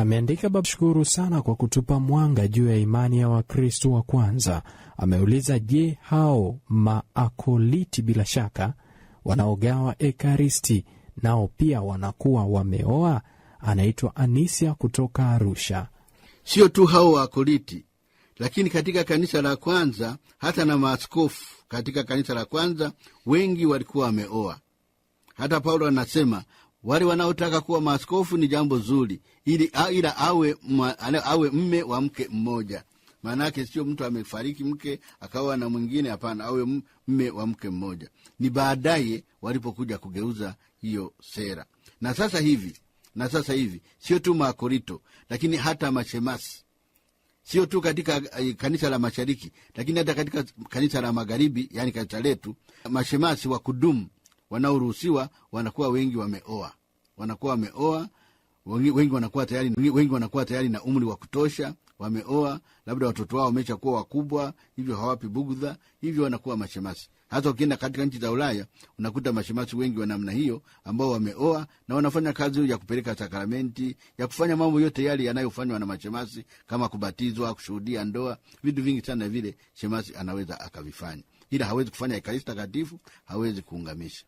Ameandika Baba, shukuru sana kwa kutupa mwanga juu ya imani ya wakristu wa kwanza. Ameuliza, je, hao maakoliti bila shaka wanaogawa ekaristi nao pia wanakuwa wameoa? Anaitwa Anisia kutoka Arusha. Sio tu hao waakoliti, lakini katika kanisa la kwanza hata na maaskofu katika kanisa la kwanza wengi walikuwa wameoa. Hata Paulo anasema wale wanaotaka kuwa maaskofu ni jambo zuri, ili ila awe, awe mme wa mke mmoja. Maanake sio mtu amefariki mke akawa na mwingine, hapana, awe mme wa mke mmoja. Ni baadaye walipokuja kugeuza hiyo sera, na sasa hivi na sasa hivi sio tu Makorito, lakini hata mashemasi, sio tu katika eh, kanisa la mashariki, lakini hata katika kanisa la magharibi, yani kanisa letu, mashemasi wa kudumu wanaoruhusiwa wanakuwa wengi wameoa, wanakuwa wameoa wengi, wanakuwa tayari wengi, wanakuwa tayari na umri wa kutosha, wameoa, labda watoto wao wamesha kuwa wakubwa, hivyo hawapi bugdha hivyo wanakuwa mashemasi. hasa ukienda katika nchi za Ulaya unakuta mashemasi wengi wa namna hiyo ambao wameoa na wanafanya kazi ya kupeleka sakramenti, ya kufanya mambo yote yale yanayofanywa na mashemasi, kama kubatizwa, kushuhudia ndoa, vitu vingi sana vile shemasi anaweza akavifanya, ila hawezi kufanya ekaristi takatifu, hawezi kuungamisha.